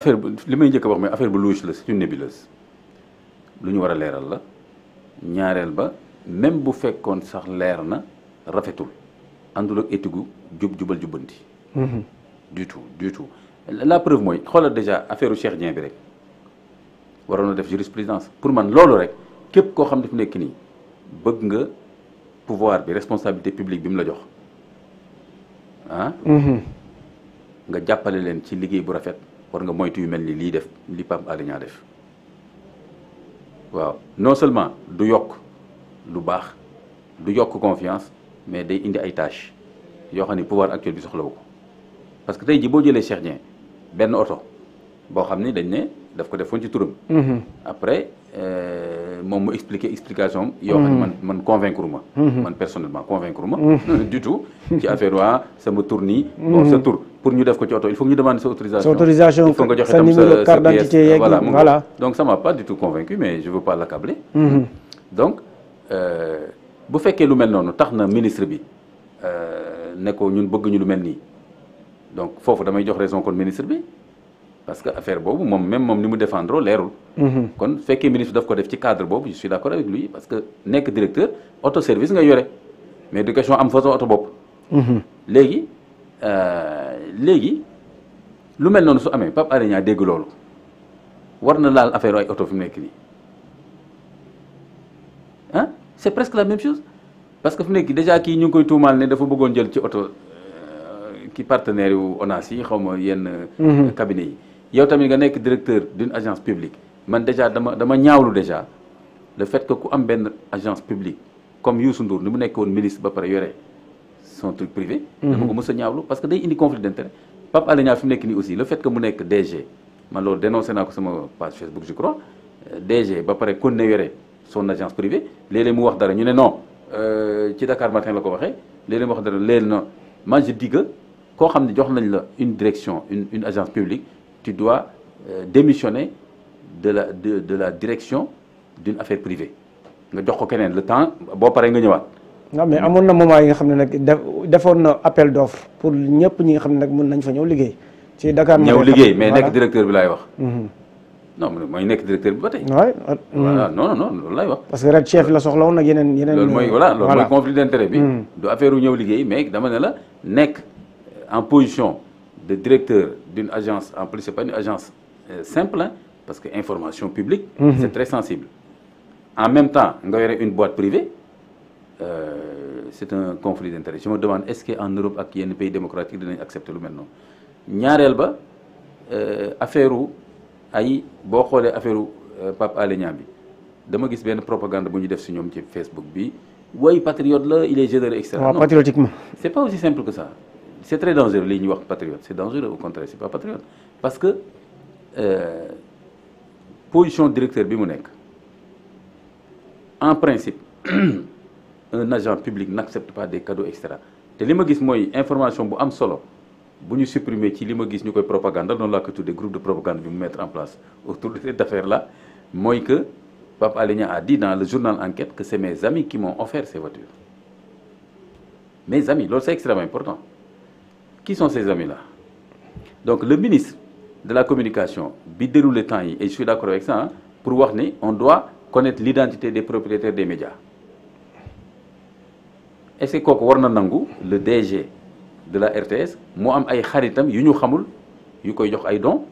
affaire bu limay may njëkk a affaire bu louche la ci une nébuleuse lu ñu war a la ñaareel ba même bu fekkoon sax leer rafetul andul ak étigu jub jubal jubbanti. Mhm. du tout du tout la preuve mooy xoolal déjà affaire Cheikh Dieng bi rek warono def jurisprudence pour man lolu rek képp ko xam ne nek ni bëgg nga pouvoir bi responsabilité publique bi mu la jox ah. Mhm. nga jappalé len ci liggéey bu rafet war nga moytu mel def li def non seulement du yokk lu du confiance mais day indi ay tâches yoo xam pouvoir actuel bi soxla parce que tey ji boo jëlee oto boo dañ ne daf ko mhm. après euh, moom expliquer explication ne mhm. man man convaincre mhm. personnellement convaincre ma. du tout ci affaire waa sama tour nii. bon sa tour pour nous faire ko il faut que nous demander sa autorisation. sa autorisation il faut nga sa carte d'identité voilà donc ça ne m'a pas du tout convaincu mais je ne veux pas l'accabler. Mhm. donc vous faites que nous noonu tax na ministre bi euh, ne ko ñun bëgg donc, il faut que donc donne raison contre raison ministre parce que l'affaire, même moom même nous ni l'air. défendre leerul. Mhm. kon le ministre doit ko def cadre bob, je suis d'accord avec lui parce que que directeur auto service nga yore mais du question am façon autre bopp. Mhm. léegi. Euh, légui lu mel non su amé pap Alé dégg lolu warna na laal affaire ay auto fi mu nekk nii hein? c'est presque la même chose parce que fi mu déjà ki ñu koy tuumaal né dafa bëggoon jël ci auto euh, ki partenaire wu ONAS xawma yenn. Mhm. cabinet yi yow tamit nga nekk directeur d'une agence publique man déjà dama dama ñaawlu déjà le fait que ku am ben agence publique comme Youssou Ndour ni mu nekk woon ministre ba pare yore son truc privé. Mhm. dama ko mos a parce que day indi conflit d'intérêt Pape Alé Niang fi mu nekk aussi le fait que mu nekk DG man loolu dénoncé dans sama page Facebook je crois euh, DG ba pare kon son agence privée Les léeg mu wax dara ñu non euh, ci Dakar matin la ko waxee léeg-léeg mu wax dara non Moi je dis que quand xam ne jox nañ la une direction une une agence publique tu dois euh, démissionner de la de de la direction d'une affaire privée nga jox ko le temps boo paree nga ñëwaat non mais amoon na moment yi nga xam ne nag na appel d'offre pour ñëpp ñi nga xam ne nag mën nañ fa ñëw ci Dakar ñëw liggéey mais nekk directeur bi laay wax. Mhm. non mooy nekk directeur bi ba tey. Euh, mhm. Non, non non loolu lay wax. parce que le chef la soxla woon ak yeneen yeneen. loolu voilà loolu mooy conflit d'intérêt bi. Mhm. du affaire u ñëw liggéey mais dama ne la nekk en position de directeur d'une agence en plus n'est pas une agence euh, simple hein, parce que information publique. c'est très sensible. en même temps nga yore une boîte privée. Euh, c'est un conflit d'intérêts. je me demande est-ce qu'en en Europe ak un pays démocratique qui accepter même nom N'y a ba euh, affaire pas affaire où euh, Pape y dama propagande qui est def ci Facebook bi patriote il est généreux etc non ce c'est pas aussi simple que ça c'est très dangereux Les patriote c'est dangereux au contraire ce n'est pas patriote parce que euh, position directeur bi en principe un agent public n'accepte pas des cadeaux et ce te information bu am solo nous supprimer ci li ma gis ñu propagande dans la des groupes de propagande vont mettre en place autour de cette affaire là mooy que Pape Alé a dit dans le journal Enquête que c'est mes amis qui m'ont offert ces voitures mes amis c'est extrêmement important qui sont ces amis là donc le ministre de la communication bi déroule temps et je suis d'accord avec ça hein, pour voir, on doit connaître l'identité des propriétaires des médias est-ce que le DG de la RTS moo am ay qui yu savent xamul yu koy jox ay dons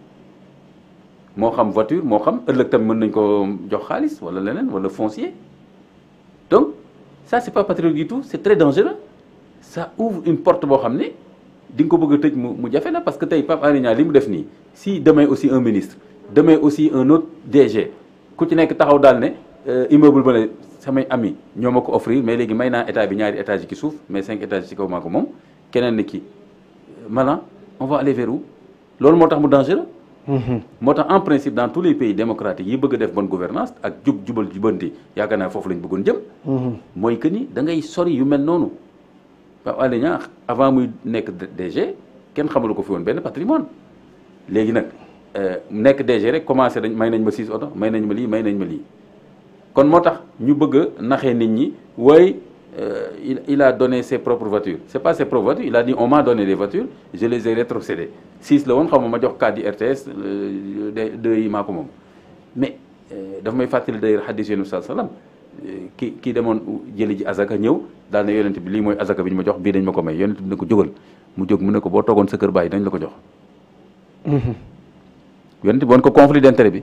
xam voiture xam nañ ko jox wala wala foncier donc ça c'est pas patriotique du tout c'est très dangereux ça ouvre une porte parce que si demain aussi un ministre demain aussi un autre DG ku ci euh, immeuble samay ami ñoo ma ko offrir mais légui mayna état bi ñaari étage yi ci suuf mais 5 étages ci kaw maa ko moom keneen ni ki mala on va aller vers où lool motax tax mu dangereux mhm. moo tax en principe dans tous les pays démocratiques yi bëgg def bonne gouvernance ak jub jubal jubanti yaakaar naa foofu lañ bëggoon jëm mhm. mooy que ni da ngay sori yu mel nonu ba Alé Niang avant muy nekk DG kenn xamul ko fi won ben patrimoine légui nak euh nekk DG rek commencé dañ may nañ ma 6 auto may nañ ma li may nañ ma li kon nous ñu euh, il a donné ses propres voitures c'est pas ses propres voitures il a dit on m'a donné des voitures je les ai rétrocédées Si le woon RTS de yi euh, mais euh, may d'ailleurs hadith sallam qui ki demone ji azaka ne yonent bi azaka ma jox dañ ne ko mu mu ko sa dañ la mhm. ko conflit d'intérêt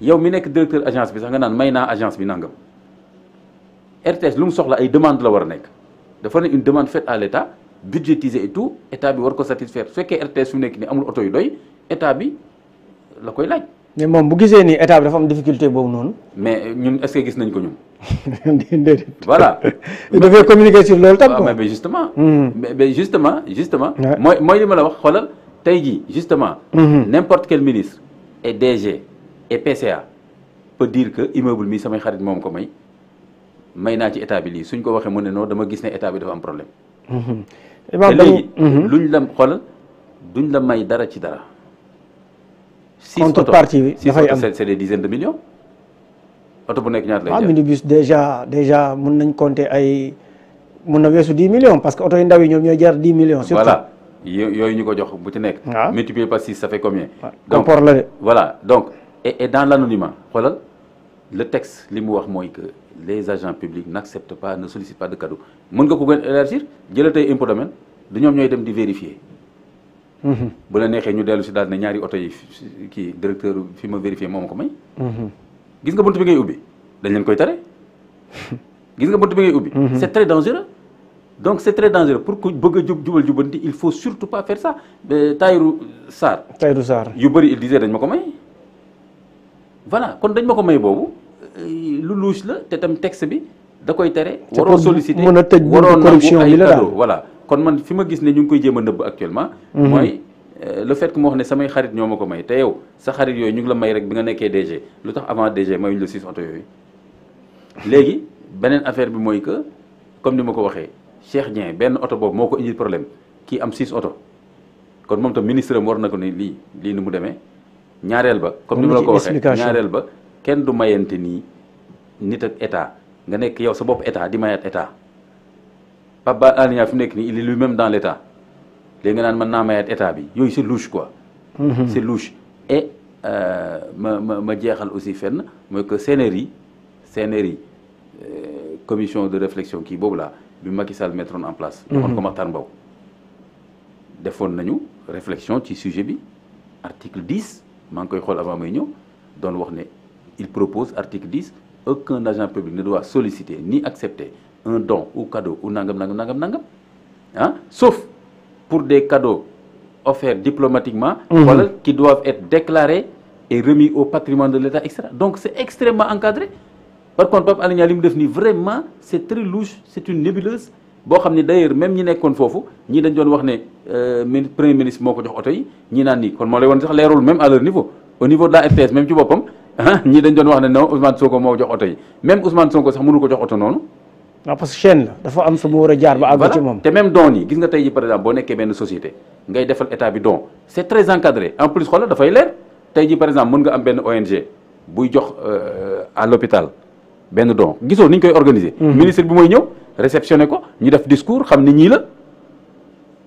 yow mi nek directeur agence bi sax nga nan mayna agence bi nangam RTS lu mu soxla ay demande la war nek dafa ne une demande faite à l'État, état budgétisée et tout état bi war ko satisfaire su RTS su nek ni amul auto yu doy état bi la koy laaj. mais mom bu gisee ni état bi dafa am difficulté boobu non mais ñun est ce que gis nañ ko ñun. voilà il devait communiquer sur loolu tam. mais justement. Hmm. mais justement justement. Moi, moi, li ma la wax xolal tay ji justement. Hmm. N'importe quel ministre et DG et PCA peut dire que l'immeuble est un peu comme ça. Je suis établi. Si je suis en train de faire un problème. Mm -hmm. Et bien, je suis en train de faire un problème. Je suis en train de faire un C'est des dizaines de millions. Auto bonek, ah, minibus déjà, déjà, je compter compté ay... 10 millions parce que auto indawi, nous, nous, nous 10 millions. Surtout. Voilà. Il y a une chose qui est multiplié 6, ça fait combien donc, Voilà, donc et, et dans l'anonymat xoolal le texte les mots wax que les agents publics n'acceptent pas ne sollicitent pas de cadeaux mën nga ko élargir jëla tey de domaine du ñoom ñooy dem di vérifier mhm. bu la neexee ñu dellu si daal ne ñaari qui yi directeur fi ma vérifier moo ma ko mhm. gis nga buntu bi ngay ubbi dañ leen koy tere gis nga buntu bi ngay ubbi mhm. c'est très dangereux donc c'est très dangereux pour ku bëgg a jub jubal jubanti il faut surtout pas faire ça Tahirou sar Tahirou sar yu bari il disait dañ ma ko may voilà kon dañ ma ko may boobu euh, lu louche la te tam texte bi da koy tere. waroo sollicité mën a tëj corruption bi la daal voilà kon man fi ma gis ne ñu ngi koy jéem a actuellement. Mhm. mooy euh, le fait que moo wax samay xarit ñoo ma ko may te yow sa ñu ngi la may rek bi nga nekkee DG lu tax avant DG mayuñu la six oto yooyu. beneen affaire bi mooy que comme ni ma ko waxee Cheikh Dieng benn oto boobu moo ko indil problème kii am six oto kon moom tam ministre am war na ko ni lii lii ni mu demee. ñaareel ba comme ni ko waxe ñaareel ba kenn du mayante ni nit ak état nga nek yow sa bop état di mayat état papa Ba fi mu il est lui-même dans l'état léegi nga naan man na mayat état bi yoy c'est louche quoi. Mm-hmm. c'est louche et euh, ma ma ma jeexal aussi fenn moy que CNRI CNRI euh, commission de réflexion kii bobu laa bi Macky Sall mettroon en place. defoon mm-hmm. ko Makhtar Mbow. defoon nañu réflexion ci sujet bi article 10 il propose article 10 aucun agent public ne doit solliciter ni accepter un don ou cadeau ou nangam nangam hein, sauf pour des cadeaux offerts diplomatiquement mmh. qui doivent être déclarés et remis au patrimoine de l'État etc donc c'est extrêmement encadré par contre vraiment c'est très louche c'est une nébuleuse boo xam ne d'ailleurs même ñi nekkoon foofu ñii dañ doon wax ne euh, premier ministre moo ko jox oto yi ñi naan nii kon moo lay woon sax leerul même à leur niveau au niveau de la RTS même ci boppam ah ñii dañ doon wax ne non Ousmane Sonko moo jox oto yi même Ousmane Sonko sax mënu ko jox oto noonu. waaw parce que chaîne la dafa a jaar ba àgg ci moom. te même don yi gis nga tey ji par exemple boo nekkee benn société ngay defal état bi don c'est très encadré en plus xoolal dafay leer tey ji par exemple mën nga jox euh, à l'hôpital benn don gisoo ni ñu koy organiser. Mm-hmm. ministre bi mooy ñëw. réceptionné quoi, ñu def discours xam ni la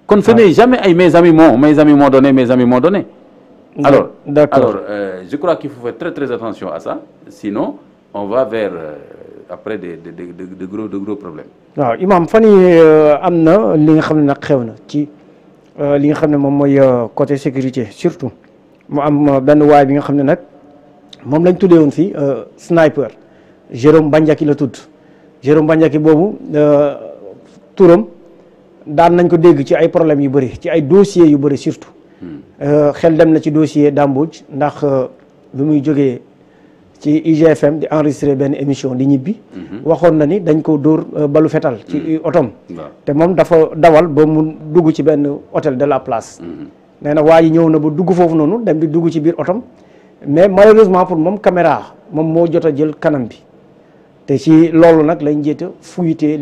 ce jamais ay mes amis m'ont mes amis m'ont donné mes amis m'ont donné alors euh, je crois qu'il faut faire très très attention à ça sinon on va vers euh, après de de gros de gros problèmes des imam qui sont euh, li nga côté sécurité surtout mo am ben way bi nga lañ sniper Jérôme Bandiaki la tout. Jérôme Bandiaky boobu euh, turam daan nañ ko dégg ci ay problèmes yu bëri ci ay dossiers yu bëri surtout hmm. euh, xel dem na ci dossier Dambodj ndax euh, bi muy jógee ci IGFM di enregistré benn émission di ñibbi hmm. waxoon na ni dañ ko dóor balu fetal ci hmm. otom te moom dafa dawal ba mu dugg ci benn hôtel de la place nee na waa ñëw na ba dugg foofu noonu dem di dugg ci biir otom mais malheureusement pour moom caméra moom moo jot jël kanam bi te ci loolu nag lañ jéete fuyitee